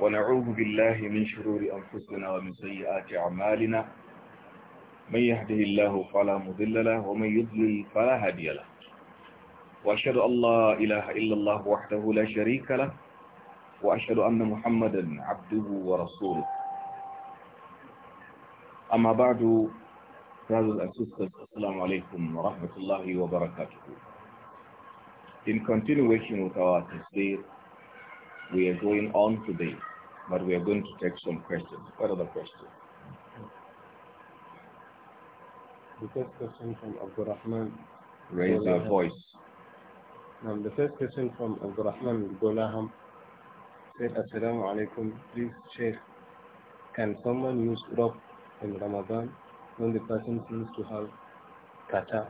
ونعوذ بالله من شرور أنفسنا ومن سيئات أعمالنا من يهده الله فلا مضل له ومن يضلل فلا هادي له وأشهد أن لا إله إلا الله وحده لا شريك له وأشهد أن محمدا عبده ورسوله أما بعد brothers and sisters, Assalamu alaikum wa rahmatullahi wa In continuation with our tafsir we are going on today, but we are going to take some questions. What are the questions? The first question from Abdurrahman. Raise your voice. Now, the first question from Abdurrahman Golaham said, Assalamu alaikum. Please, Sheikh, can someone use rope in Ramadan when the person seems to have kata,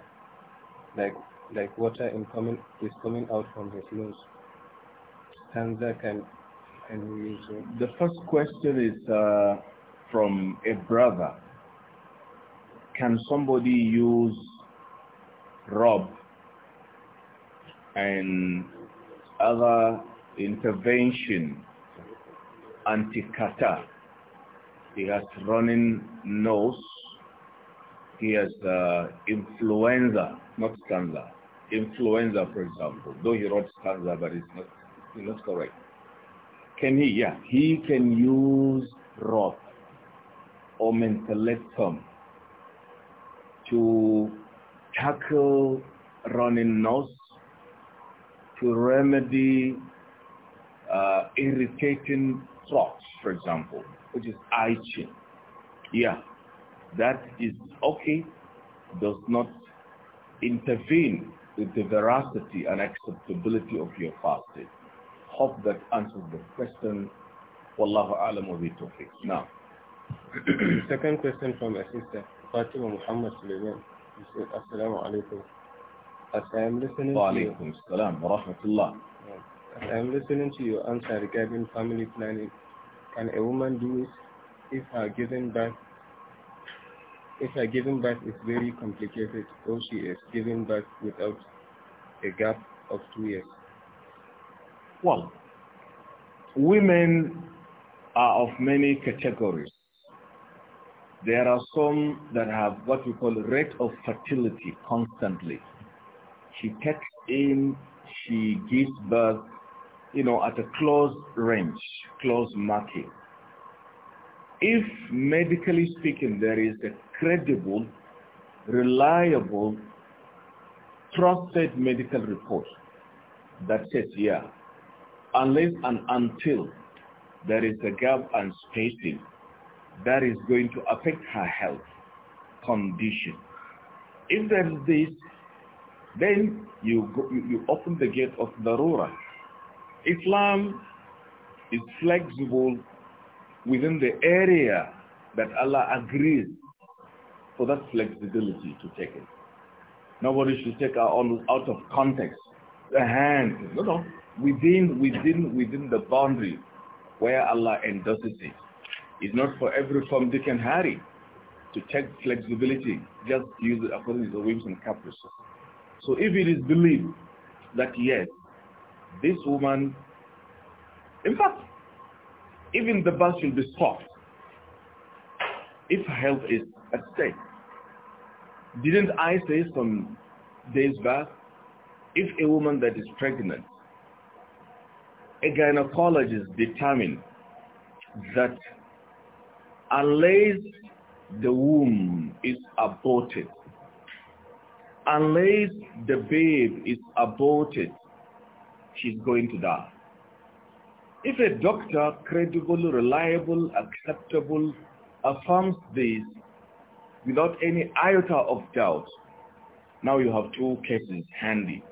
like like water in coming, is coming out from his nose? can The first question is uh, from a brother. Can somebody use rob and other intervention anti-kata? He has running nose. He has uh, influenza, not cancer. Influenza, for example. Though he wrote cancer, but it's not he looks correct. Can he? Yeah. He can use wrath or mentalism to tackle running nose, to remedy uh, irritating throats, for example, which is itching. Yeah, that is okay, does not intervene with the veracity and acceptability of your fasting hope that answers the question. Wallahu alam wa tawfiq. Now. Second question from a sister, Fatima Muhammad Suleiman. She said, Assalamu alaikum. As I am listening to you, salam wa rahmatullah. As I am listening to your answer regarding family planning, can a woman do it if her giving birth if her giving birth is very complicated or she is giving birth without a gap of two years? Well, women are of many categories. There are some that have what we call rate of fertility constantly. She takes in, she gives birth, you know, at a close range, close marking. If medically speaking, there is a credible, reliable, trusted medical report that says, yeah, unless and until there is a gap and spacing that is going to affect her health condition. If there is this, then you, go, you, open the gate of darura. Islam is flexible within the area that Allah agrees for that flexibility to take it. Nobody should take our own out of context. The hand, no, no, within, within, within the boundary where Allah endorses it. It's not for every form Dick and Harry to take flexibility. Just use it according to the whims and caprices. So if it is believed that yes, this woman, in fact, even the bus will be stopped if health is at stake. Didn't I say some days back, if a woman that is pregnant a gynecologist determined that unless the womb is aborted, unless the babe is aborted, she's going to die. If a doctor, credible, reliable, acceptable, affirms this without any iota of doubt, now you have two cases handy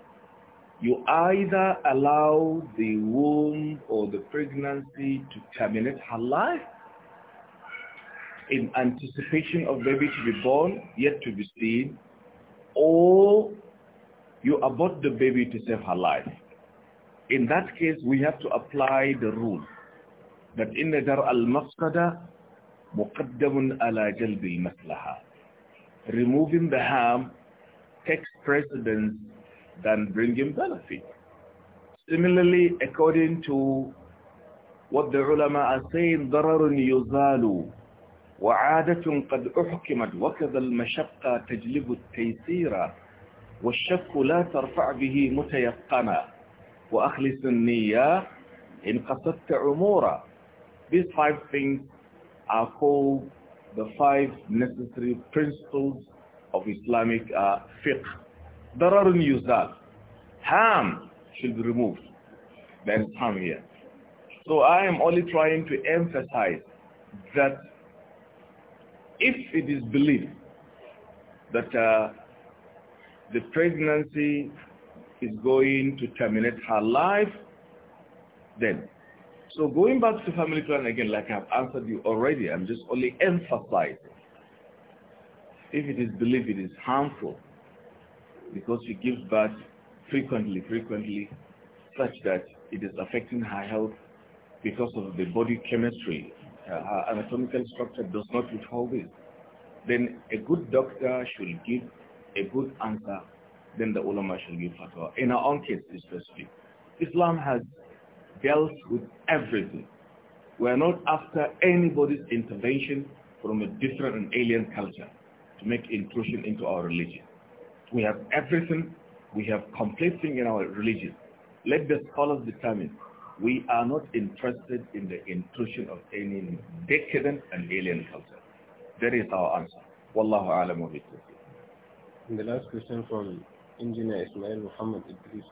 you either allow the womb or the pregnancy to terminate her life in anticipation of baby to be born, yet to be seen, or you abort the baby to save her life. In that case, we have to apply the rule that in the dar al-mafsada muqaddamun ala jalbi maslaha. Removing the harm takes precedence than bringing benefit. Similarly, according to what the ulama are saying, ضرر يزال وعادة قد أحكمت وكذا المشقة تجلب التيسير والشك لا ترفع به متيقنا وأخلص النية إن قصدت عمورا These five things are called the five necessary principles of Islamic uh, fiqh dararun yuzal. Harm should be removed. There is come here. So I am only trying to emphasize that if it is believed that uh, the pregnancy is going to terminate her life, then. So going back to family planning again, like I've answered you already, I'm just only emphasizing. If it is believed it is harmful, because she gives birth frequently, frequently, such that it is affecting her health because of the body chemistry. Uh, her anatomical structure does not withhold it. Then a good doctor should give a good answer, then the ulama should give fatwa. In our own case, especially, Islam has dealt with everything. We are not after anybody's intervention from a different and alien culture to make intrusion into our religion. We have everything. We have complete thing in our religion. Let the scholars determine. We are not interested in the intrusion of any decadent and alien culture. That is our answer. Wallahu alam the last question from engineer Ismail Muhammad Idris.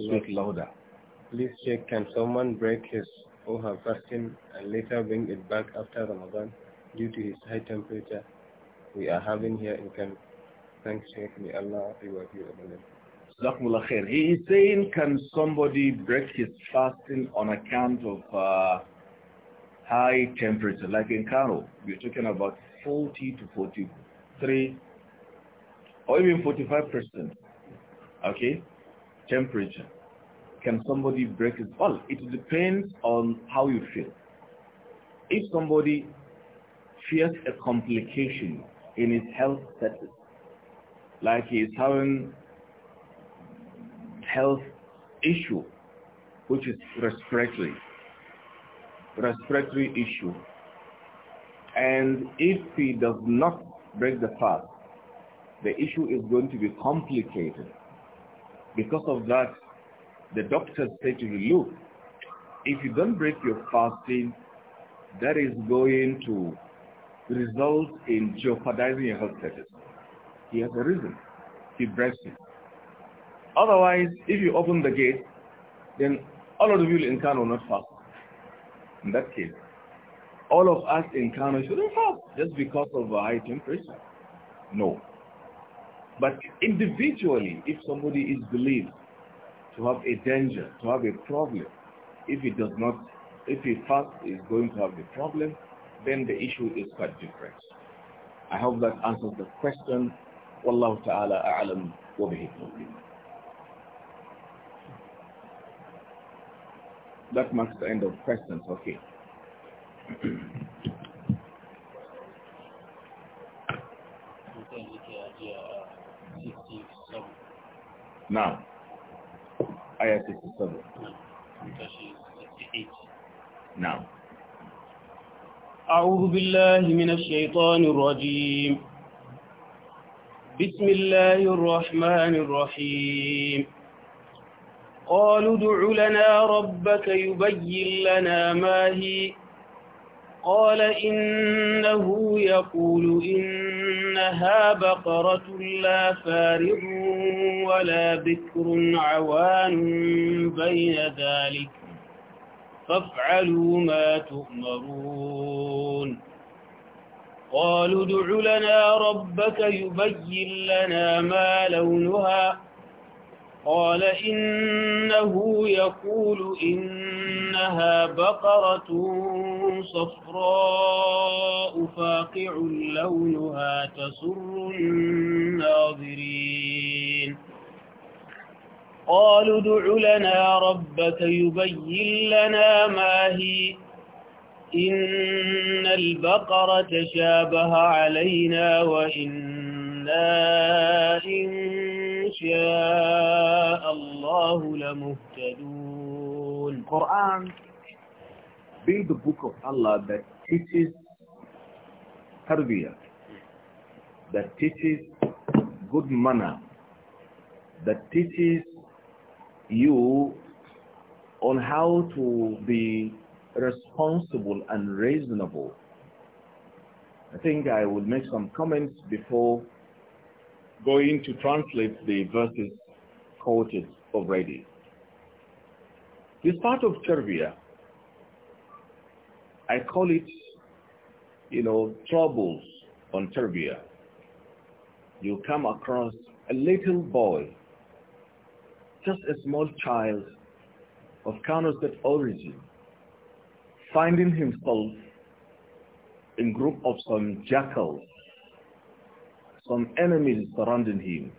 Speak louder. Please check, can someone break his or her fasting and later bring it back after Ramadan due to his high temperature we are having here in camp? thank Sheikh. May Allah reward you khair. He is saying, can somebody break his fasting on account of uh, high temperature? Like in Kano, we're talking about 40 to 43 or even 45%. Okay? Temperature. Can somebody break his Well, it depends on how you feel. If somebody fears a complication in his health status, like he's having health issue, which is respiratory, respiratory issue. And if he does not break the fast, the issue is going to be complicated. Because of that, the doctors say to you, look, if you don't break your fasting, that is going to result in jeopardizing your health status. He has a reason. He breaks it. Otherwise, if you open the gate, then all of you in Kano will not fast. In that case, all of us in Kano shouldn't fast just because of the high temperature. No. But individually, if somebody is believed to have a danger, to have a problem, if he does not, if he fast is going to have a problem, then the issue is quite different. I hope that answers the question. والله تعالى أعلم وبه التوفيق That marks the end of questions, okay. Now, ayah 67. Now. أعوذ بالله من الشيطان الرجيم بسم الله الرحمن الرحيم قالوا ادع لنا ربك يبين لنا ما هي قال إنه يقول إنها بقرة لا فارغ ولا بكر عوان بين ذلك فافعلوا ما تؤمرون قالوا ادع لنا ربك يبين لنا ما لونها قال إنه يقول إنها بقرة صفراء فاقع لونها تسر الناظرين قالوا ادع لنا ربك يبين لنا ما هي إن البقرة تشابه علينا وإنا إن شاء الله لمهتدون Quran being the book of Allah that teaches tarbiyah, that teaches good manner, that teaches you on how to be responsible and reasonable. I think I will make some comments before going to translate the verses quoted already. This part of Serbia, I call it, you know, troubles on Serbia. You come across a little boy, just a small child of Kano origin, finding himself in group of some jackals, some enemies surrounding him,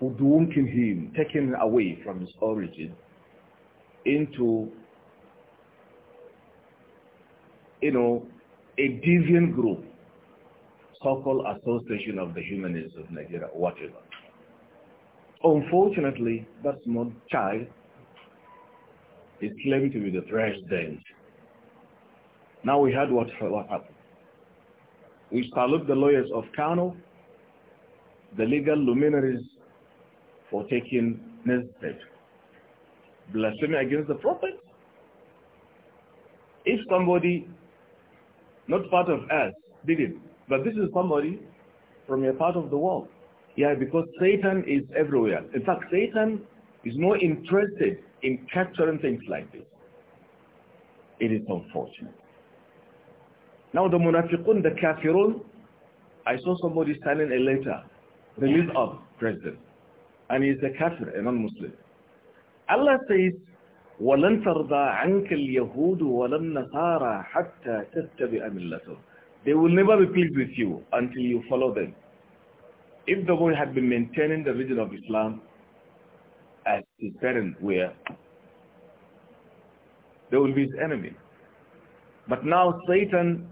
who doomed him, taking him away from his origin into, you know, a deviant group, so-called Association of the Humanists of Nigeria, whatever. Unfortunately, that small child is claimed to be the president now we heard what, what happened. We salute the lawyers of Kano, the legal luminaries for taking this step. Blasphemy against the prophet. If somebody, not part of us, did it, but this is somebody from a part of the world. Yeah, because Satan is everywhere. In fact, Satan is more interested in capturing things like this. It is unfortunate. Now the munafiqun, the kafirun, I saw somebody signing a letter, the name of president, and he's a kafir, a non-Muslim. Allah says, وَلَنْ تَرْضَى عَنْكَ الْيَهُودُ وَلَنْ نَصَارَى حَتَّى تَتَّبِعَ مِلَّتُهُ They will never be pleased with you until you follow them. If the boy had been maintaining the religion of Islam as his parents were, they will be his enemy. But now Satan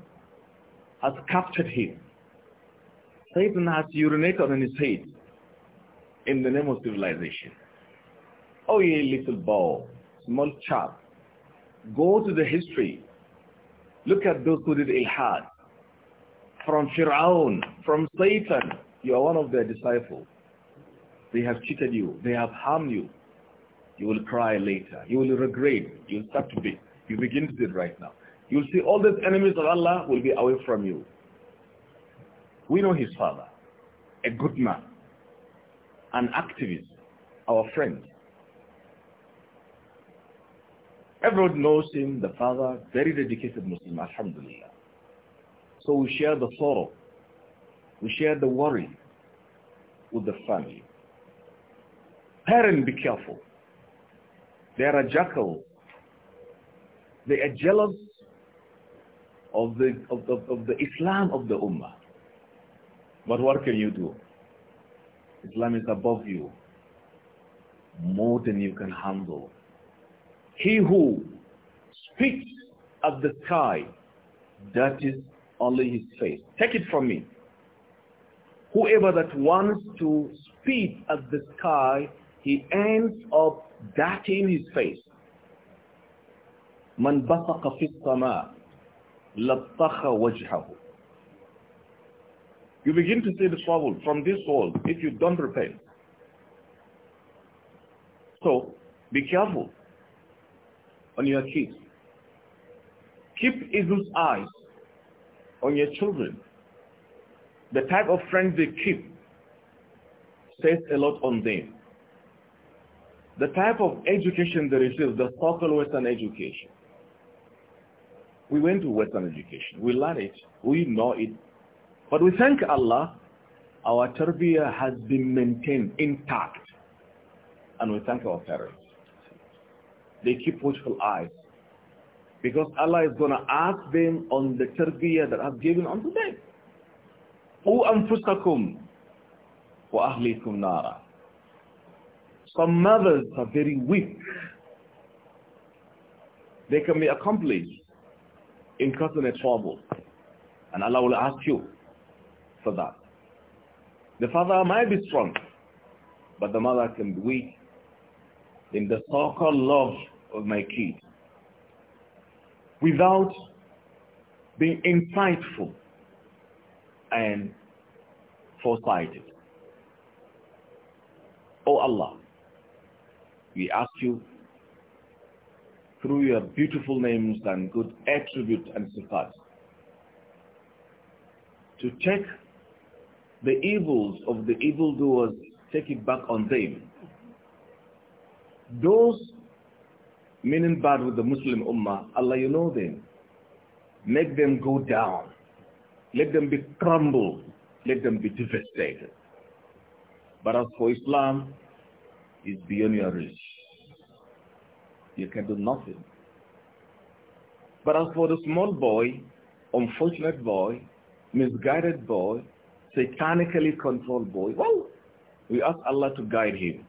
has captured him. Satan has urinated on his head in the name of civilization. Oh, ye little ball, small chap, go to the history. Look at those who did ilhad. From Fir'aun, from Satan, you are one of their disciples. They have cheated you. They have harmed you. You will cry later. You will regret. You'll start to be. You begin to do it right now. You'll see all these enemies of Allah will be away from you. We know his father, a good man, an activist, our friend. Everyone knows him, the father, very dedicated Muslim, alhamdulillah. So we share the sorrow, we share the worry with the family. Parents, be careful. They are a jackal. They are jealous of the, of, of, of the Islam of the Ummah. But what can you do? Islam is above you, more than you can handle. He who speaks at the sky, that is only his face. Take it from me. Whoever that wants to speak at the sky, he ends up darting his face. Man basaqa fi sama لَطَّخَ You begin to see the trouble from this world if you don't repent. So, be careful on your kids. Keep eagle's eyes on your children. The type of friends they keep says a lot on them. The type of education they receive, the so-called Western education, we went to Western education. We learn it. We know it. But we thank Allah, our tarbiyah has been maintained intact. And we thank our parents. They keep watchful eyes. Because Allah is going to ask them on the tarbiyah that I've given unto them. أَنفُسَكُمْ وَأَهْلِكُمْ نَارًا Some mothers are very weak. They can be accomplished in causing a trouble. And Allah will ask you for that. The father might be strong, but the mother can be weak in the so-called love of my kid without being insightful and foresighted. Oh Allah, we ask you through your beautiful names and good attributes and sifat. To take the evils of the evildoers, take it back on them. Those meaning bad with the Muslim Ummah, Allah, you know them. Make them go down. Let them be crumbled. Let them be devastated. But as for Islam, it's beyond your reach you can do nothing. But as for the small boy, unfortunate boy, misguided boy, satanically controlled boy, well, we ask Allah to guide him,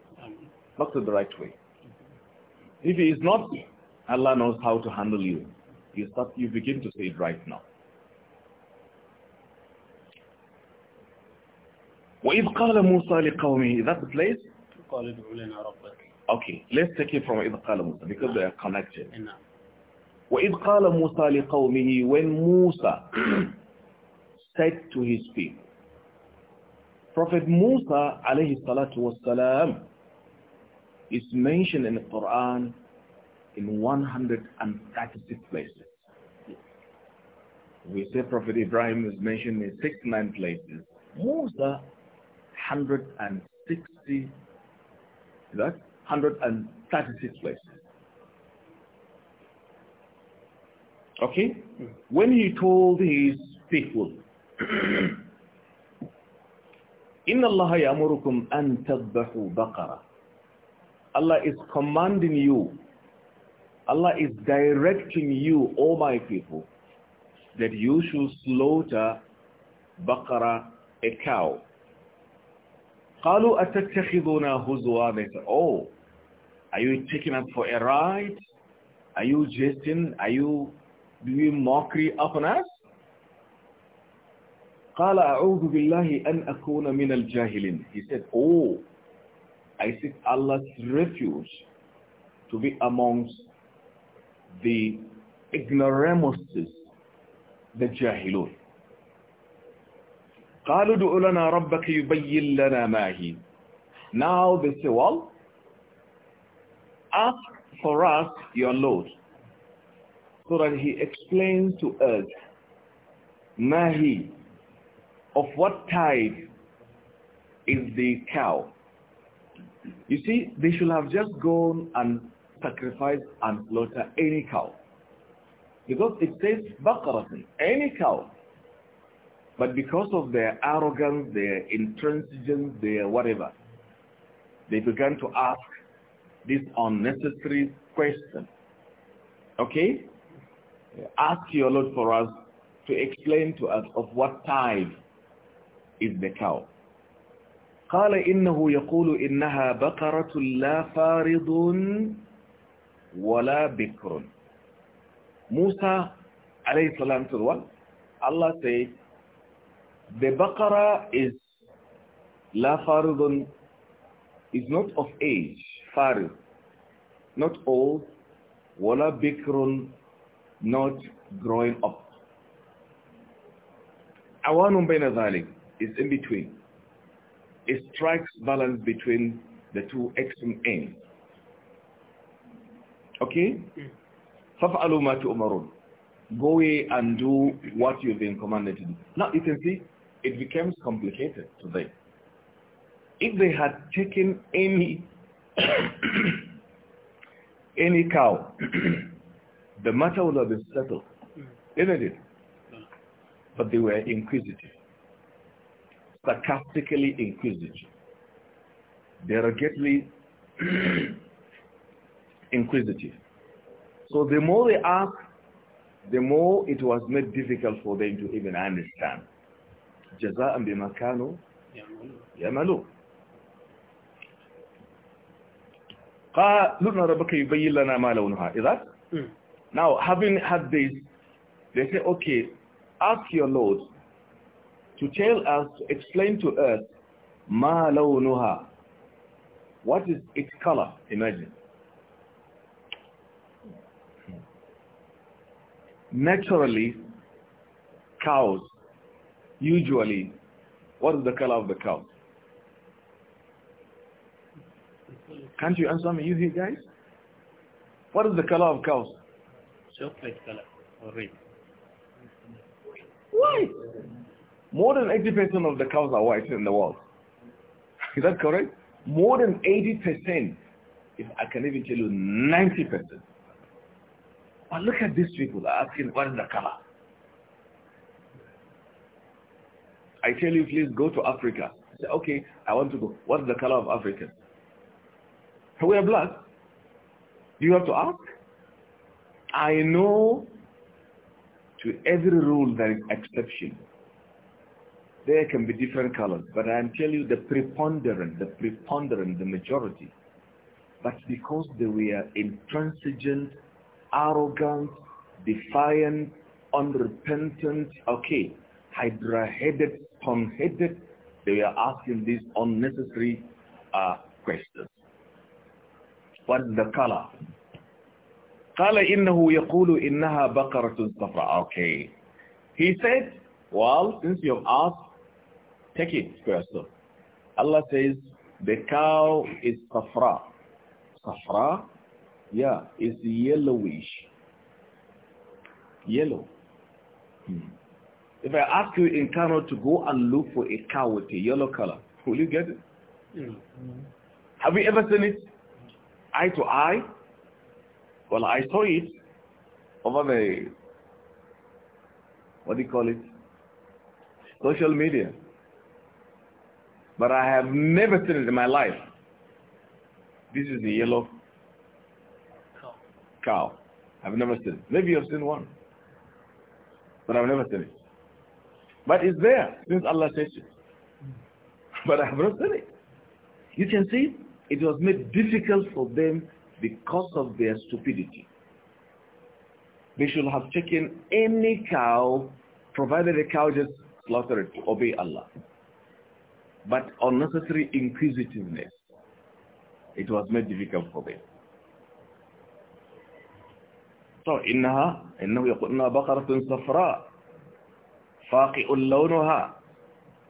not to the right way. If he is not, Allah knows how to handle you. You, start, you begin to see it right now. وَإِذْ قَالَ مُوسَى لِقَوْمِهِ that the place. قال لنا ربك Okay, let's take it from إِذْ قَالَ مُوسَى because they are connected. وَإِذْ قَالَ مُوسَى لِقَوْمِهِ When Musa said to his people, Prophet Musa is mentioned in the Quran in 136 places. We say Prophet Ibrahim is mentioned in 69 places. Musa 160 is that 136 places. Okay? Hmm. When he told his people, إِنَّ اللَّهَ يَأْمُرُكُمْ أَن تَذْبَحُوا بَقَرَةً Allah is commanding you. Allah is directing you, O oh my people, that you should slaughter baqara, a cow. قَالُوا أَتَتَّخِذُنَا هُزُوَا They said, oh, are you taking us for a ride? Are you jesting? Are you doing mockery upon us? قال أعوذ بالله أن أكون من الجاهلين. He said, Oh, I seek Allah's refuge to be amongst the ignoramuses, the jahilun. قالوا دعوا لنا ربك يبين لنا ما هي. Now they say, well, Ask for us your Lord, so that he explains to us, Mahi, of what type is the cow? You see, they should have just gone and sacrificed and slaughtered any cow. Because it says Baqaratun, any cow. But because of their arrogance, their intransigence, their whatever, they began to ask this unnecessary question. Okay? Ask your Lord for us to explain to us of what type is the cow. قال إنه يقول إنها بقرة لا فارض ولا بكر موسى عليه السلام تقول الله says the baqara is la faridun is not of age faru, not old, wala bikrun, not growing up. Awanun bayna dhalik is in between. It strikes balance between the two extreme ends. Okay? فَفْعَلُوا مَا تُؤْمَرُونَ Go away and do what you've been commanded to do. Now you can see, it becomes complicated today. If they had taken any any cow, the matter would have been settled, hmm. isn't it? Hmm. But they were inquisitive, sarcastically inquisitive, derogatively inquisitive. So the more they asked, the more it was made difficult for them to even understand. جزاء بما كانوا يعملون قَالُنَا رَبَّكَ يُبَيِّنْ لَنَا مَا لَوْنُهَا Is that? Mm. Now, having had this, they say, okay, ask your Lord to tell us, to explain to us, مَا لَوْنُهَا What is its color? Imagine. Naturally, cows, usually, what is the color of the cow? Can't you answer me, you here guys? What is the color of cows? Chocolate color red. Why? More than 80% of the cows are white in the world. Is that correct? More than 80%. If I can even tell you 90%. But look at these people asking what is the color. I tell you, please go to Africa. I say, okay, I want to go. What's the color of Africa? wear black. You have to ask. I know to every rule there is exception. There can be different colors, but I am telling you the preponderant, the preponderant, the majority. But because they were intransigent, arrogant, defiant, unrepentant, okay, hydra-headed, headed they were asking these unnecessary uh, questions. What's the color? Okay. He said, well, since you've asked, take it first Allah says, the cow is safra. Safra, yeah, is yellowish. Yellow. Hmm. If I ask you in Kano to go and look for a cow with a yellow color, will you get it? Mm -hmm. Have you ever seen it? eye to eye. Well, I saw it over the, what do you call it, social media. But I have never seen it in my life. This is the yellow cow. cow. I've never seen it. Maybe you've seen one. But I've never seen it. But it's there since Allah says it. But I have never seen it. You can see it it was made difficult for them because of their stupidity. They should have taken any cow, provided the cow just slaughtered to obey Allah. But unnecessary inquisitiveness, it was made difficult for them. So, إنها إنه يقولنا بقرة صفراء فاقئ اللونها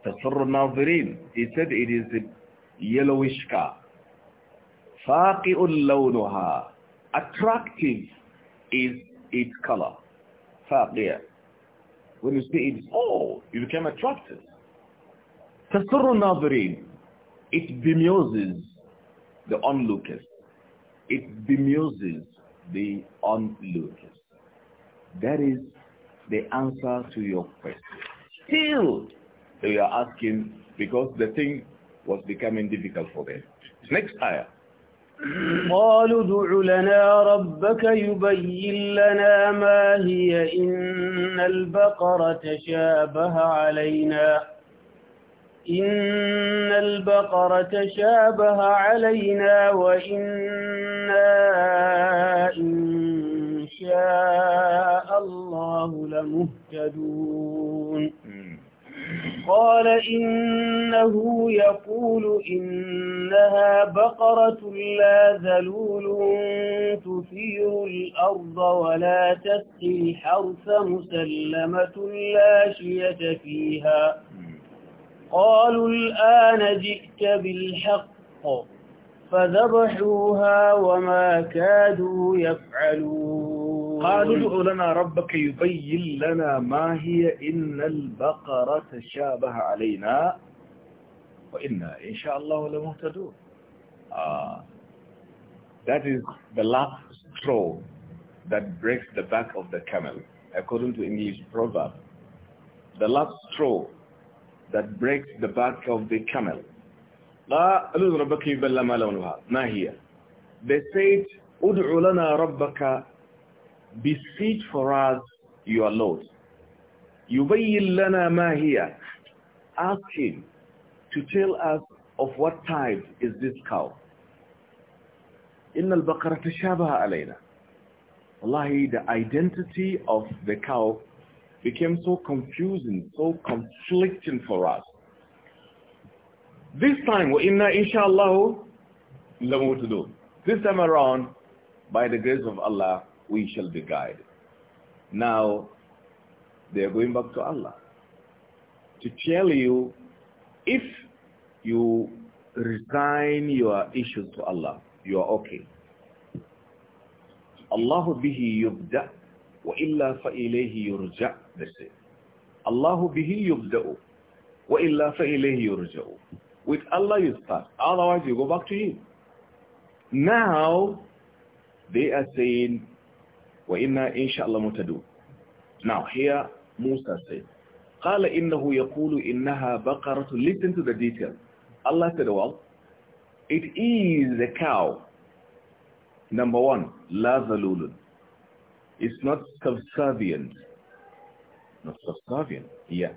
تسر الناظرين He said it is a yellowish cow Faqi'un lawnuha. Attractive is its color. Faqia. When you see it, oh, you become attracted. Tasirru nadirin. It bemuses the onlookers. It bemuses the onlookers. That is the answer to your question. Still, they are asking because the thing was becoming difficult for them. Next ayah. قالوا ادع لنا ربك يبين لنا ما هي إن البقرة شابه علينا إن البقرة شابه علينا وإنا إن شاء الله لمهتدون قال إنه يقول إنها بقرة لا ذلول تثير الأرض ولا تسقي الحرث مسلمة لا شية فيها قالوا الآن جئت بالحق فذبحوها وما كادوا يفعلون قالوا ادع لنا ربك يبين لنا ما هي إن البقرة تشابه علينا وإنا إن شاء الله لمهتدون uh, That is the last straw that breaks the back of the camel, according to English proverb. The last straw that breaks the back of the camel. They said, ادع لنا ربك beseech for us your Lord. يُبَيِّنْ لَنَا ma hiya, Ask him to tell us of what type is this cow. إِنَّ الْبَقَرَةَ شَابَهَ alayna. Wallahi, the identity of the cow became so confusing, so conflicting for us. This time, وَإِنَّا إِنْ شَاءَ اللَّهُ لَمُوتُدُونَ This time around, by the grace of Allah, we shall be guided. Now, they are going back to Allah to tell you if you resign your issues to Allah, you are okay. Allah bihi yubda wa illa fa ilayhi yurja. That's Allah bihi yubda, wa illa fa ilayhi yurja. With Allah you start. Otherwise you go back to Him. Now, they are saying وإنا إن شاء الله متدون now here Musa said قال إنه يقول إنها بقرة listen to the detail Allah said well it is a cow number one لا ذلول it's not subservient not subservient yeah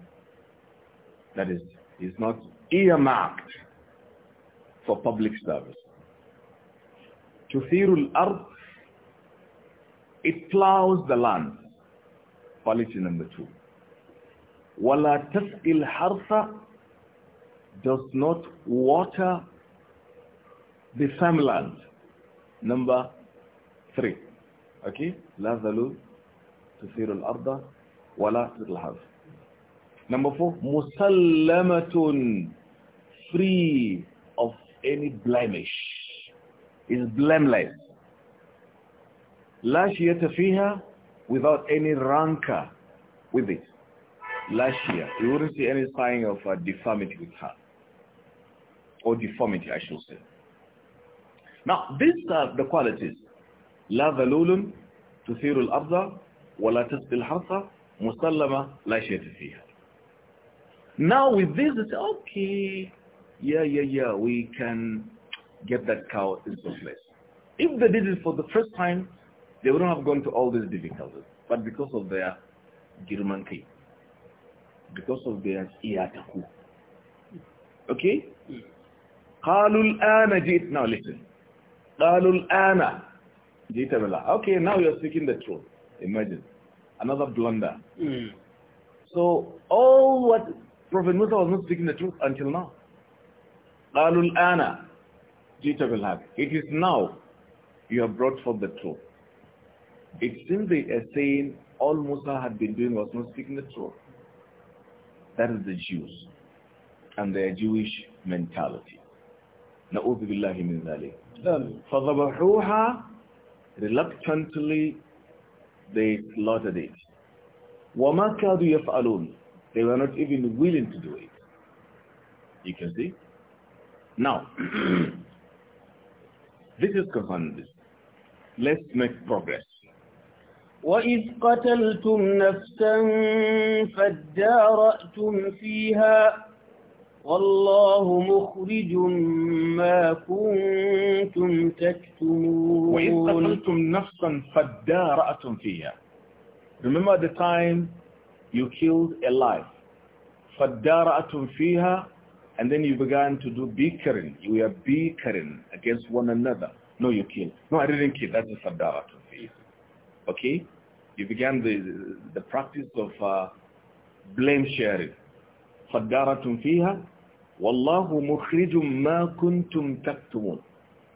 that is It's not earmarked for public service تثير الأرض It plows the land. Policy number two. وَلَا تَسْقِلْ harsa does not water the farmland. Number three. Okay? لا ذلول تثير الأرض ولا تثير الحرث. Number four. مسلمة free of any blemish. Is blameless. Last year, fiha without any rancor with it. Last year, you wouldn't see any sign of uh, deformity with her. Or deformity, I should say. Now, these are the qualities. لا ذلول تثير الأرض ولا تسقي الحرث مسلمة لا شيء فيها. Now with this, it's okay. Yeah, yeah, yeah, we can get that cow in some place. If they did it for the first time, they wouldn't have gone to all these difficulties. But because of their Girmanki, because of their Iyataku. Okay? قَالُوا الْآنَ جِئْتْ Now listen. قَالُوا الْآنَ جِئْتَ بِاللَّهِ Okay, now you're speaking the truth. Imagine. Another blunder. Mm. So, all what Prophet Musa was not speaking the truth until now. قَالُوا الْآنَ جِئْتَ بِالْحَقِ It is now you have brought forth the truth. It seems they are saying all Musa had been doing was not speaking the truth. That is the Jews and their Jewish mentality. نعوذ بالله من ذلك. فَضَبَحُوهَا Reluctantly, they slaughtered it. وَمَا كَادُوا يَفْعَلُونَ They were not even willing to do it. You can see? Now, this is concerning this. Let's make progress. وإذ قتلتم نفسا فادارأتم فيها والله مخرج ما كنتم تكتمون وإذ قتلتم نفسا فادارأتم فيها Remember the time you killed a life فادارأتم فيها and then you began to do bickering you were bickering against one another no you killed no I didn't kill that is فادارأتم فيها Okay? You began the, the practice of uh, blame sharing. فَدَّارَتُمْ فِيهَا وَاللَّهُ مُخْرِجٌ مَا كُنْتُمْ تَكْتُمُونَ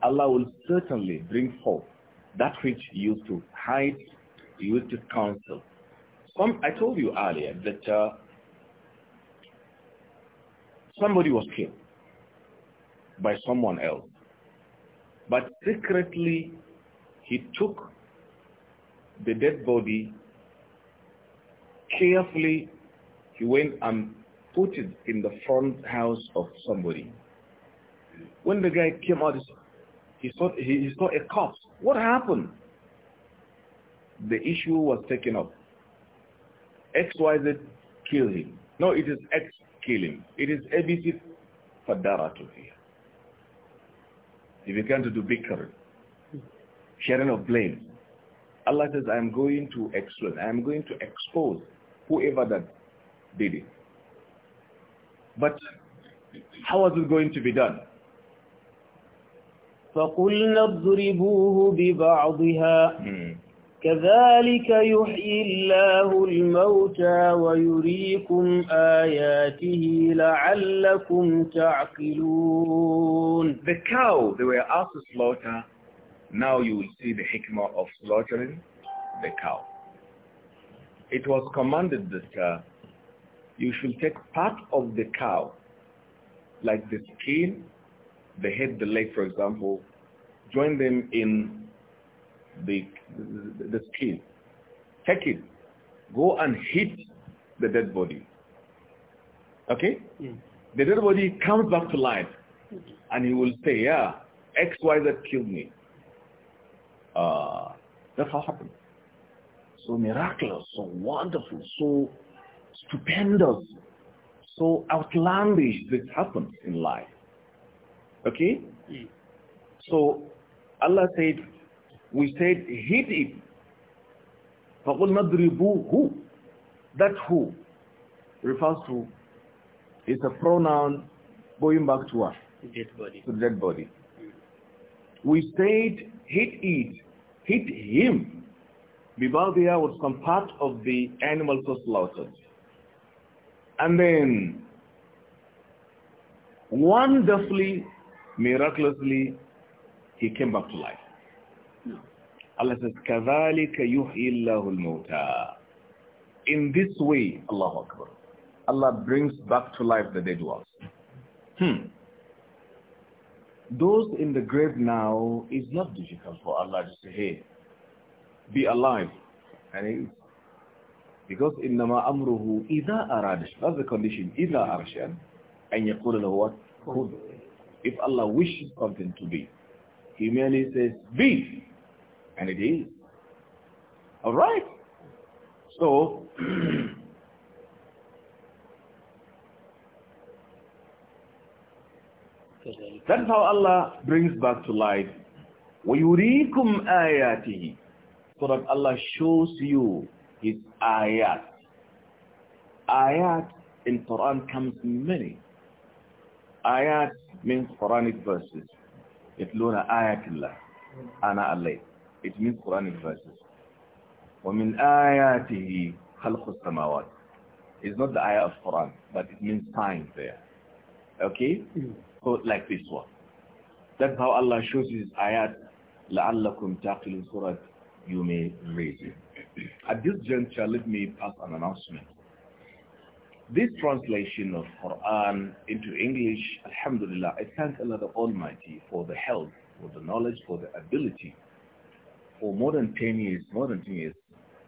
Allah will certainly bring forth that which you used to hide, you used to counsel. Some, I told you earlier that uh, somebody was killed by someone else. But secretly, he took the dead body, carefully he went and put it in the front house of somebody. When the guy came out, he saw, he saw a corpse. What happened? The issue was taken up. XYZ killed him. No, it is X kill him. It is ABC hear. here. He began to do bickering, sharing of blame. Allah says, I am going to explain, I am going to expose whoever that did it. But how was it going to be done? فَقُلْنَا اضْرِبُوهُ بِبَعْضِهَا hmm. كذلك يحيي الله الموتى ويريكم آياته لعلكم تعقلون The cow they were asked to slaughter now you will see the hikmah of slaughtering the cow. It was commanded that uh, you should take part of the cow, like the skin, the head, the leg, for example, join them in the, the, the skin. Take it. Go and hit the dead body. Okay? Hmm. The dead body comes back to life and he will say, yeah, XYZ killed me that's how it happened. So miraculous, so wonderful, so stupendous, so outlandish this happens in life. Okay? Hmm. So Allah said, we said, hit it. فَقُلْنَا ضْرِبُوهُ That who refers to is a pronoun going back to what? Dead body. To dead body. We said, hit it, hit him. Bibadiya was some part of the animals were slaughtered. And then, wonderfully, miraculously, he came back to life. Allah says, كَذَلِكَ يُحْيِي اللَّهُ الْمَوْتَى In this way, Akbar, Allah brings back to life the dead ones. Hmm. Those in the grave now is not difficult for Allah to say, hey, be alive. And it's because إنما amruhu إذا أراد that's the condition إذا أرشان and يقول what if Allah wishes something to be he merely says be and it is alright so That is how Allah brings back to life. وَيُرِيكُمْ آيَاتِهِ So that Allah shows you His ayat. Ayat in Quran comes many. Ayat means Quranic verses. يَتْلُونَ آيَاتِ اللَّهِ أَنَا اللَّيْهِ It means Quranic verses. وَمِنْ آيَاتِهِ خَلْقُ السَّمَاوَاتِ It's not the ayah of Quran, but it means signs there. Okay? Hmm like this one. That's how Allah shows his ayat, لَعَلَّكُمْ تَعْقِلُونَ so you may it. At this juncture, let me pass an announcement. This translation of Quran into English, Alhamdulillah, I thank Allah the Almighty for the help, for the knowledge, for the ability. For more than 10 years, more than 10 years,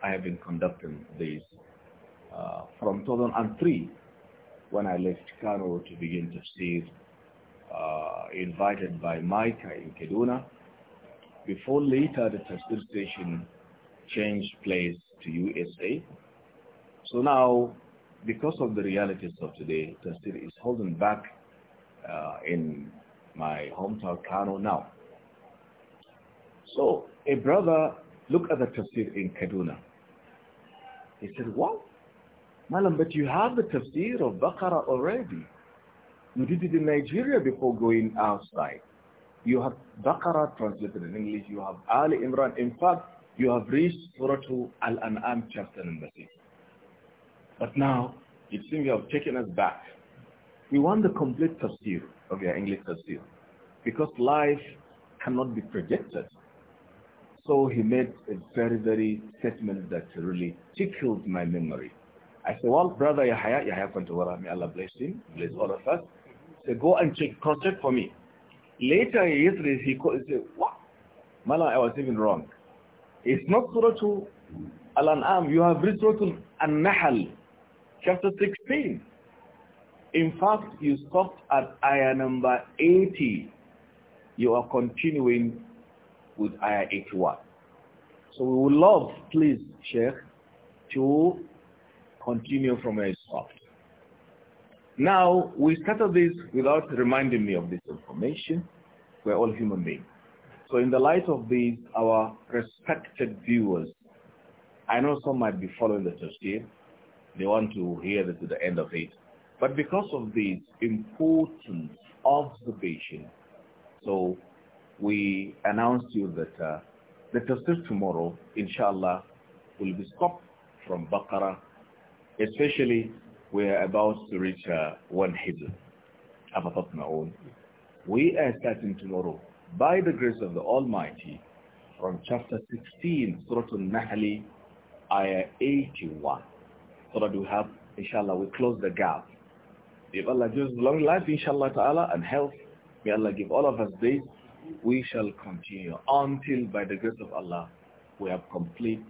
I have been conducting this uh, from 2003 when I left Cairo to begin to tafsir uh, invited by Micah in Kaduna before later the Tafsir station changed place to USA. So now, because of the realities of today, Tafsir is holding back uh, in my hometown Kano now. So a brother looked at the Tafsir in Kaduna. He said, "What, Malam, but you have the Tafsir of Baqarah already. You did it in Nigeria before going outside. You have Baqarah translated in English. You have Ali Imran. In fact, you have reached Surah Al-An'am chapter number 6. But now, it seems you have taken us back. We want the complete tafsir of your English tafsir. Because life cannot be projected. So he made a very, very statement that really tickled my memory. I said, well, brother Yahya, Yahya Kantawara, may Allah bless him, bless all of us go and check, cross-check for me. Later, yesterday, he called and said, what? Malam, I was even wrong. It's not Surah to Al-An'am. You have read Surah to An-Nahl, chapter 16. In fact, you stopped at ayah number 80. You are continuing with ayah 81. So we would love, please, Sheikh, to continue from where you stopped. Now, we started this without reminding me of this information. We're all human beings. So in the light of these, our respected viewers, I know some might be following the tafsir. They want to hear the, to the end of it. But because of this important observation, so we announced you that uh, the tafsir tomorrow, inshallah, will be stopped from Baqarah, especially we are about to reach uh, one my own. We are starting tomorrow, by the grace of the Almighty, from chapter 16, Surah Al-Nahl, ayah 81. So that we have, inshallah, we close the gap. If Allah gives long life, inshallah ta'ala, and health, may Allah give all of us this, we shall continue until, by the grace of Allah, we have complete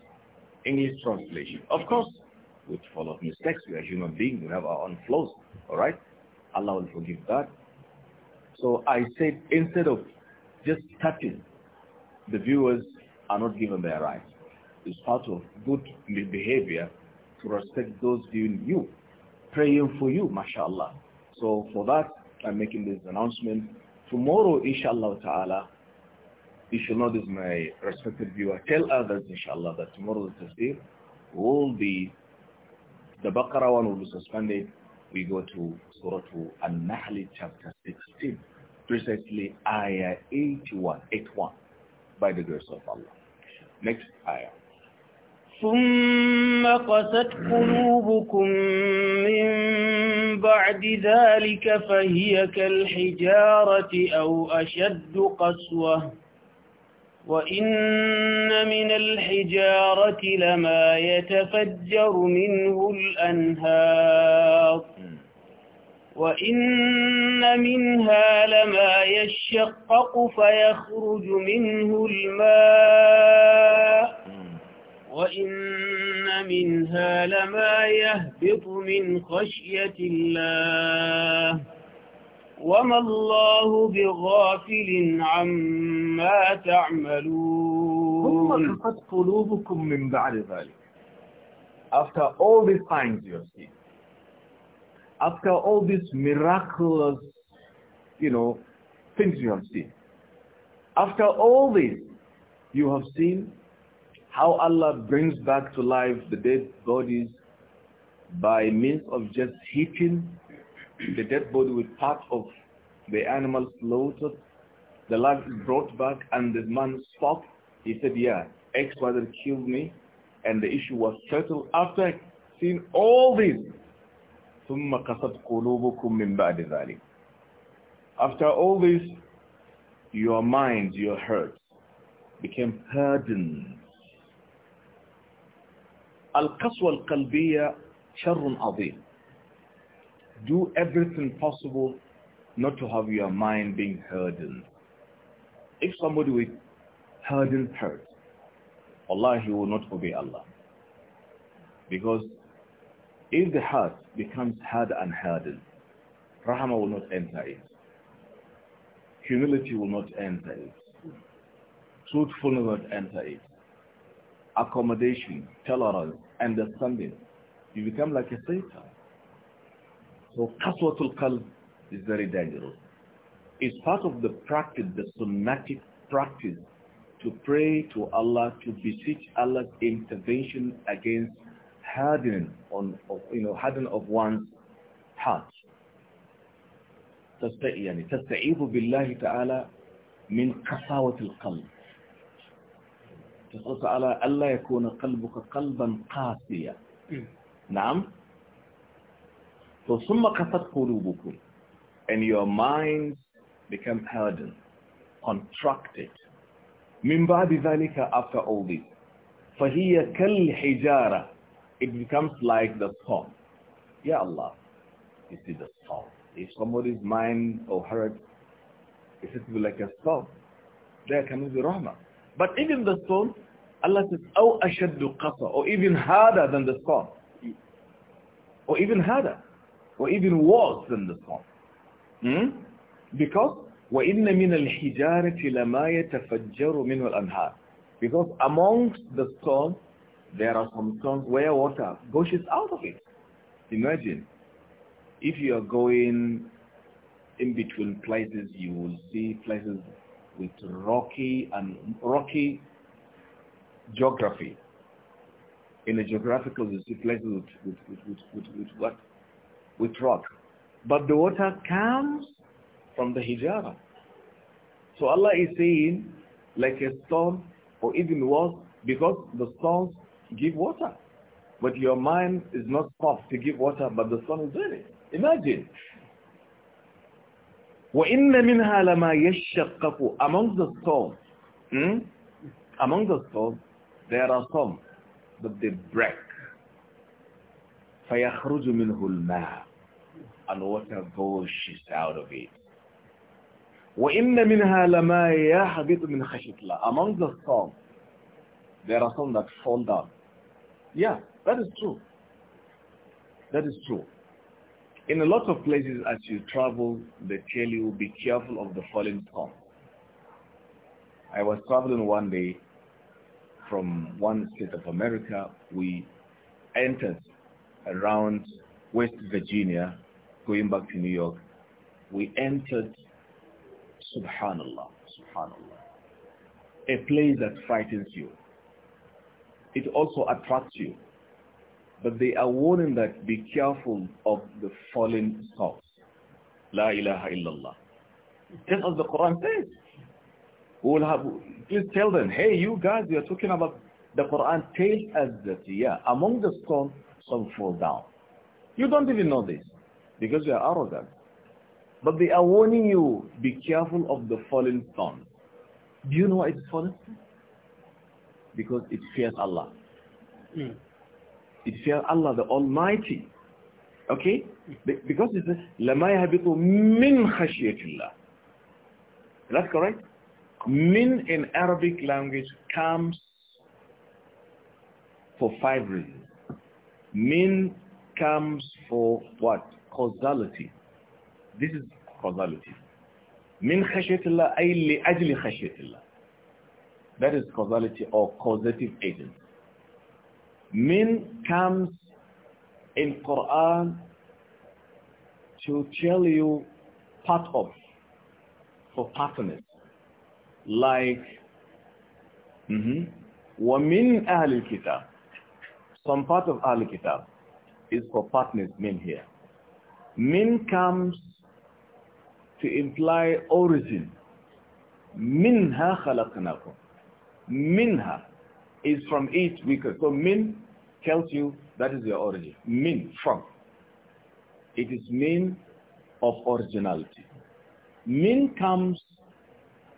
English translation. Of course, which full of mistakes. We are human beings. We have our own flaws. All right? Allah will forgive that. So I said, instead of just cutting, the viewers are not given their rights. It's part of good behavior to respect those viewing you, praying for you, mashallah. So for that, I'm making this announcement. Tomorrow, inshallah ta'ala, you should know this, my respected viewer. Tell others, inshallah, that tomorrow's tafsir will be the Baqarah one will be suspended. We go to Surah An-Nahl chapter 16, precisely ayah 81, 81, by the grace of Allah. Next ayah. ثم قست قلوبكم من بعد ذلك فهي كالحجارة أو أشد قسوة وإن من الحجارة لما يتفجر منه الأنهار وإن منها لما يشقق فيخرج منه الماء وإن منها لما يهبط من خشية الله وما الله بغافل عما تعملون ثم قد قلوبكم من بعد ذلك after all these signs you have seen after all these miraculous you know things you have seen after all this you have seen how Allah brings back to life the dead bodies by means of just heating the dead body with part of the animal slaughtered, the lad is brought back and the man spoke. He said, yeah, ex-brother killed me and the issue was settled after seeing all this. ثم قلوبكم من بعد After all this, your mind, your heart became hardened. القسوة القلبية شر عظيم do everything possible not to have your mind being hardened. If somebody with hardened heart, Allah, he will not obey Allah. Because if the heart becomes hard and hardened, Rahmah will not enter it. Humility will not enter it. Truthfulness will not enter it. Accommodation, tolerance, understanding. You become like a Satan. So qaswatul qalb is very dangerous. It's part of the practice, the sunnatic practice, to pray to Allah, to beseech Allah's intervention against hardening on, of, you know, hardening of one's heart. يعني تستعيذ بالله تعالى من قساوة القلب تسأل تعالى ألا يكون قلبك قلبا قاسيا نعم so summa kafat qulubukum. And your minds become hardened, contracted. Min ba'di dhalika after all this. فَهِيَ كَالْحِجَارَةِ It becomes like the storm. Ya Allah, you see the storm. If somebody's mind or heart is it like a storm, there can be rahmah. But even the storm, Allah says, أَوْ أَشَدُّ قَصَى Or even harder than the storm. Or even harder or even worse than the sun. Hmm? Because وَإِنَّ مِنَ الْحِجَارَةِ لَمَا يَتَفَجَّرُ مِنْهُ الْأَنْهَارِ Because amongst the stones, there are some stones where water gushes out of it. Imagine, if you are going in between places, you will see places with rocky and rocky geography. In the geographical, you see places with, with, with, with, with what? with rock. But the water comes from the hijara. So Allah is saying, like a stone or even worse, because the stones give water. But your mind is not soft to give water, but the stone is doing it. Imagine. وَإِنَّ مِنْهَا لَمَا يَشَّقَّقُ Among the stones, hmm? among the stones, there are some that they break. فَيَخْرُجُ مِنْهُ الْمَاءُ and water gushes out of it. وَإِنَّ مِنْهَا لَمَا يَحْبِطُ مِنْ خَشِيَةِ اللَّهِ Among the storm, there are some that fall down. Yeah, that is true. That is true. In a lot of places as you travel, they tell you be careful of the falling storm. I was traveling one day from one state of America. We entered around West Virginia going back to New York, we entered, subhanallah, subhanallah, a place that frightens you. It also attracts you. But they are warning that be careful of the falling stars. La ilaha illallah. Just as the Quran says. We will have, please tell them, hey, you guys, you are talking about the Quran tells us that, yeah, among the stones, some fall down. You don't even know this because you are arrogant. But they are warning you, be careful of the falling stone. Do you know why it's falling? Because it fears Allah. Mm. It fears Allah, the Almighty. Okay? Because it says, لَمَا يَهَبِطُ مِنْ خَشْيَةِ اللَّهِ That's correct? Min in Arabic language comes for five reasons. Min comes for what? causality. This is causality. Min ajli That is causality or causative agent. Min comes in Quran to tell you part of for partners like mm-hmm, وَمِنْ kitab. Some part of Ahl kitab is for partners men here. Min comes to imply origin. Minha khalaqnakum. Minha is from it we could. So min tells you that is your origin. Min, from. It is min of originality. Min comes,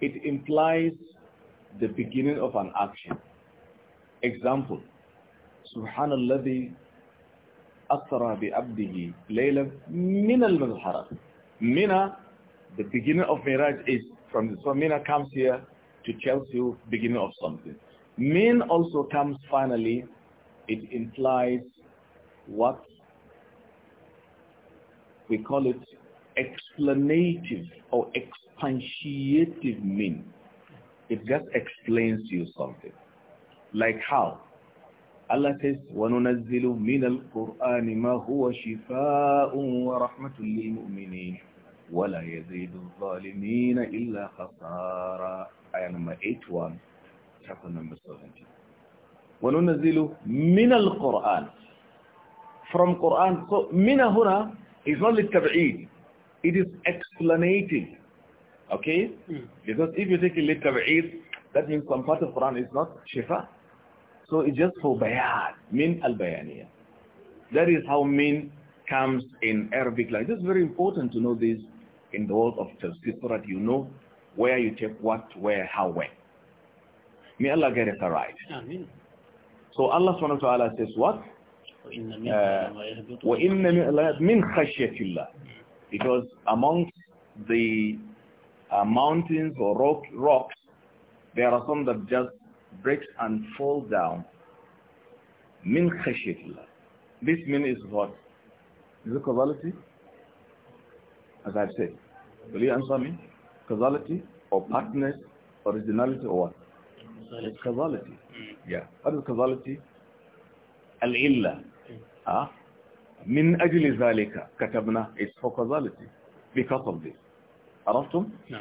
it implies the beginning of an action. Example, Subhanallah أسرى بأبده ليلا من المسجد الحرام the beginning of Miraj is from this. So Mina comes here to tells you beginning of something. Min also comes finally. It implies what we call it explanative or expansiative mean. It just explains to you something. Like how? التس وننزل من القرآن ما هو شفاء ورحمة للمؤمنين ولا يزيد الظالمين إلا خسارة آية نمبر 81 وننزل من القرآن from القرآن so من هنا is not للتبعيد it is explanating okay hmm. because if you take للتبعيد that means some part of Quran is not شفاء So it's just for bayan, min al-bayaniya. That is how min comes in Arabic language. It's very important to know this in the world of tafsir so that you know where you take what, where, how, when. May Allah get it right. Amen. So Allah subhanahu wa ta'ala says what? Uh, وَإِنَّ مِنْ خَشْيَةِ اللَّهِ Because amongst the uh, mountains or rock, rocks, there are some that just breaks and falls down. Min This min is what? Is it causality? As I've said. Will you answer me? Causality or partners, originality or what? It's causality. Hmm. Yeah. What is causality? Al-illa. Hmm. Ah? Min ajli zalika katabna. It's for causality. Because of this. Araftum? No.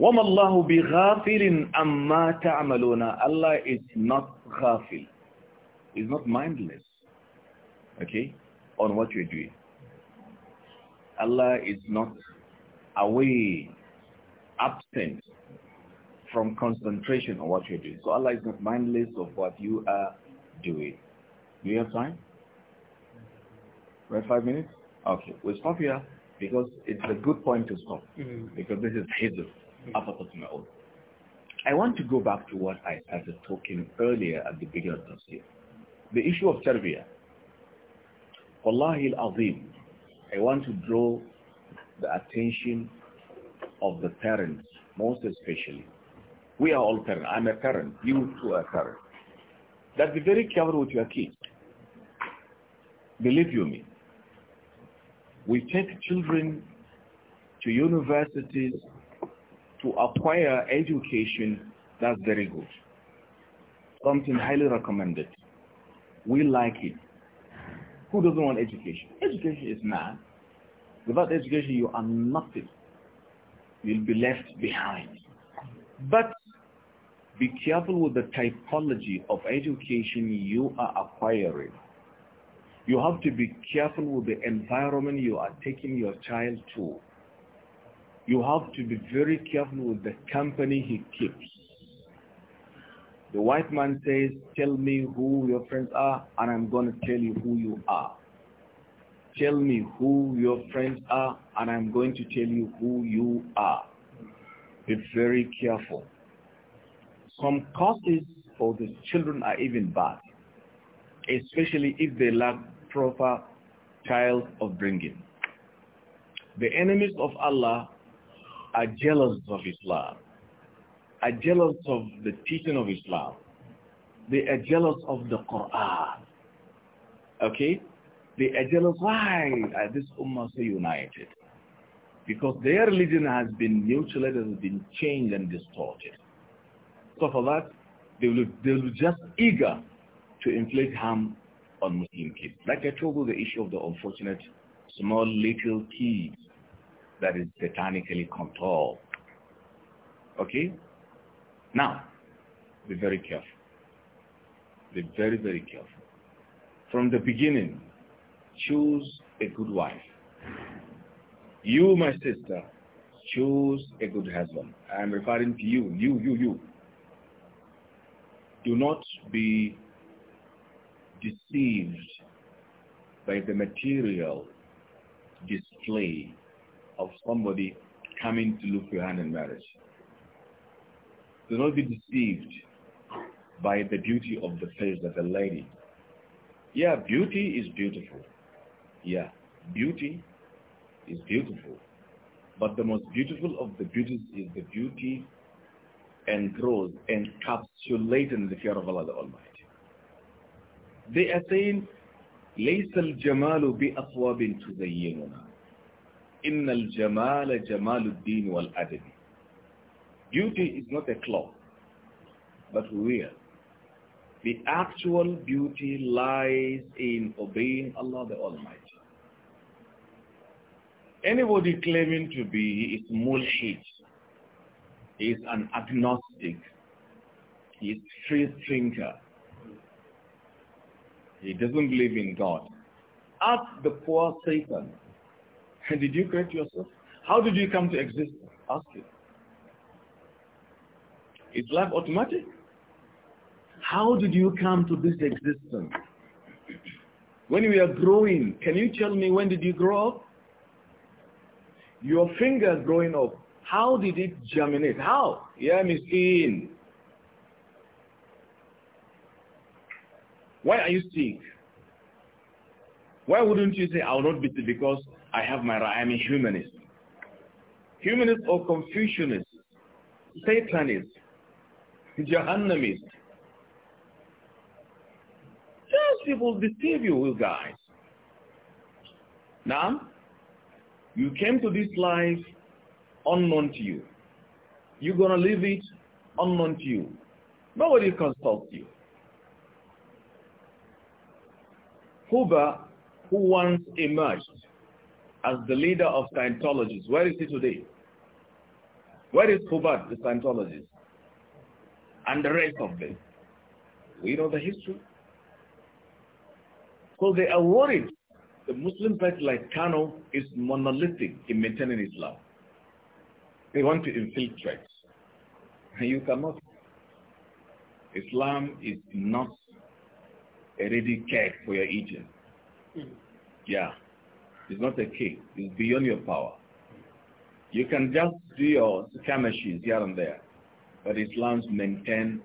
وَمَا اللَّهُ بِغَافِلٍ أَمَّا تَعْمَلُونَ Allah is not ghafil. Is not mindless. Okay? On what you're doing. Allah is not away, absent from concentration on what you're doing. So Allah is not mindless of what you are doing. Do you have time? We have five minutes? Okay. We'll stop here because it's a good point to stop. Mm -hmm. Because this is hidden. I want to go back to what I started talking earlier at the beginning of this year. The issue of Serbia. Wallahi al-Azim, I want to draw the attention of the parents, most especially. We are all parents. I'm a parent. You too are a parent. That be very careful with your kids. Believe you me. We take children to universities to acquire education, that's very good. Something highly recommended. We like it. Who doesn't want education? Education is man. Without education, you are nothing. You'll be left behind. But be careful with the typology of education you are acquiring. You have to be careful with the environment you are taking your child to you have to be very careful with the company he keeps. The white man says, tell me who your friends are, and I'm going to tell you who you are. Tell me who your friends are, and I'm going to tell you who you are. Be very careful. Some causes for the children are even bad, especially if they lack proper child upbringing. The enemies of Allah are jealous of Islam, are jealous of the teaching of Islam. They are jealous of the Quran. Okay? They are jealous. Why are this ummah so united? Because their religion has been mutilated, has been changed and distorted. So for that, they will, they will just eager to inflict harm on Muslim kids. Like I told you, the issue of the unfortunate small little kids that is satanically controlled. Okay? Now, be very careful. Be very, very careful. From the beginning, choose a good wife. You, my sister, choose a good husband. I am referring to you, you, you, you. Do not be deceived by the material display of somebody coming to look for your hand in marriage. Do not be deceived by the beauty of the face of a lady. Yeah, beauty is beautiful. Yeah, beauty is beautiful. But the most beautiful of the beauties is the beauty engrossed, encapsulated in the fear of Allah the Almighty. They are saying, لَيْسَ الْجَمَالُ بِأَصْوَابٍ تُزَيِّنُنَا Innal jamala jamaluddin wal adabi. Beauty is not a cloth, but real. The actual beauty lies in obeying Allah the Almighty. Anybody claiming to be is mulhid, is an agnostic, he is free thinker. He doesn't believe in God. Ask the poor Satan Did you create yourself? How did you come to exist? Ask it. Is life automatic? How did you come to this existence? When we are growing, can you tell me when did you grow up? Your finger growing up, how did it germinate? How? Yeah, Miskin. Why are you sick? Why wouldn't you say, I will not be sick because I have my right. I'm a humanist. Humanist or Confucianist, Satanist, Jahannamist. Those people deceive you, you guys. Now, you came to this life unknown to you. You're going to leave it unknown to you. Nobody consults you. Huber, who once emerged as the leader of Scientologists. Where is he today? Where is Hubbard, the Scientologist? And the rest of them. We know the history. So they are worried. The Muslim faith like Kano is monolithic in maintaining Islam. They want to infiltrate. And you cannot. Islam is not a ready cake for your eating. Mm-hmm. Yeah. It's not a kick. It's beyond your power. You can just do your machines here and there, but Islam's maintained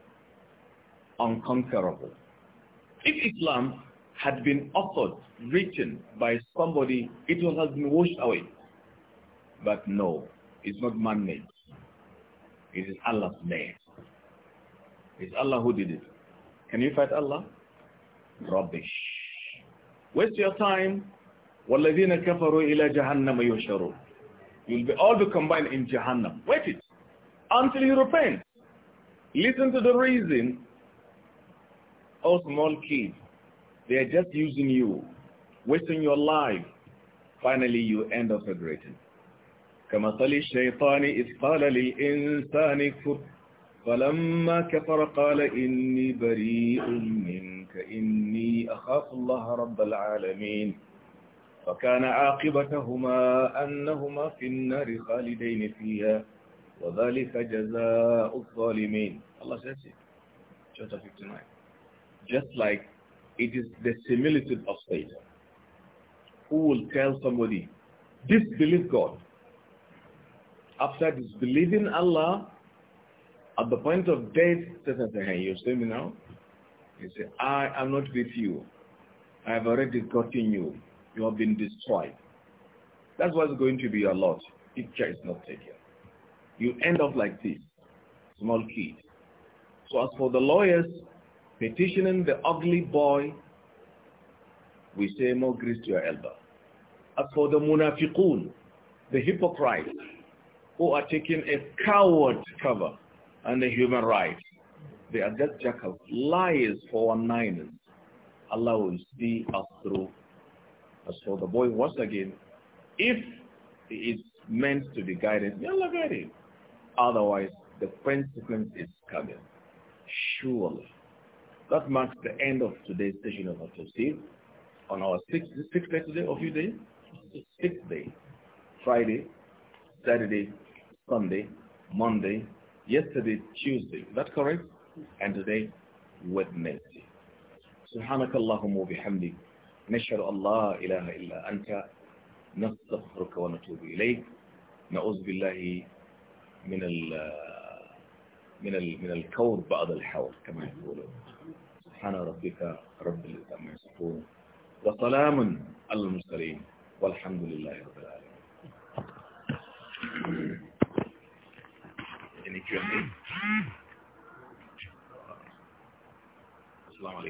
unconquerable. If Islam had been authored, written by somebody, it would have been washed away. But no, it's not man-made. It is Allah's name. It's Allah who did it. Can you fight Allah? Rubbish. Waste your time وَالَّذِينَ كَفَرُوا إِلَى جَهَنَّمَ يُحْشَرُونَ You'll be all be combined in Jahannam. Wait it until you repent. Listen to the reason. Oh, small kid, they are just using you, wasting your life. Finally, you end up regretting. صلي الشيطان إذ قال للإنسان كفر فلما كفر قال إني بريء منك إني أخاف الله رب العالمين فكان عاقبتهما أنهما في النار خالدين فيها وذلك جزاء الظالمين says it chapter 59 just like it is the similitude of Satan who will tell somebody disbelieve God after disbelieving Allah at the point of death Satan says hey you see me now he said I am not with you I have already gotten you you have been destroyed. That's what's going to be your lot if is not taken. You end up like this, small kid. So as for the lawyers petitioning the ugly boy, we say more grace to your elder. As for the munafiqun, the hypocrites, who are taking a coward cover on the human rights, they are just jackals, liars for our niners. Allah will see us through as for the boy, once again, if it is meant to be guided, may look guide it. Otherwise, the consequence is coming. Surely. That marks the end of today's session of our Tafsir on our sixth, sixth day today, or few days? Sixth day. Friday, Saturday, Sunday, Monday, yesterday, Tuesday. Is that correct? And today, Wednesday. سبحانك اللهم وبحمدك نشهد أن لا إله إلا أنت نستغفرك ونتوب إليك نعوذ بالله من ال من ال من الكور بعد الحول كما يقولون سبحان ربك رب العزة عما يصفون وسلام على المرسلين والحمد لله رب العالمين Any Q&A?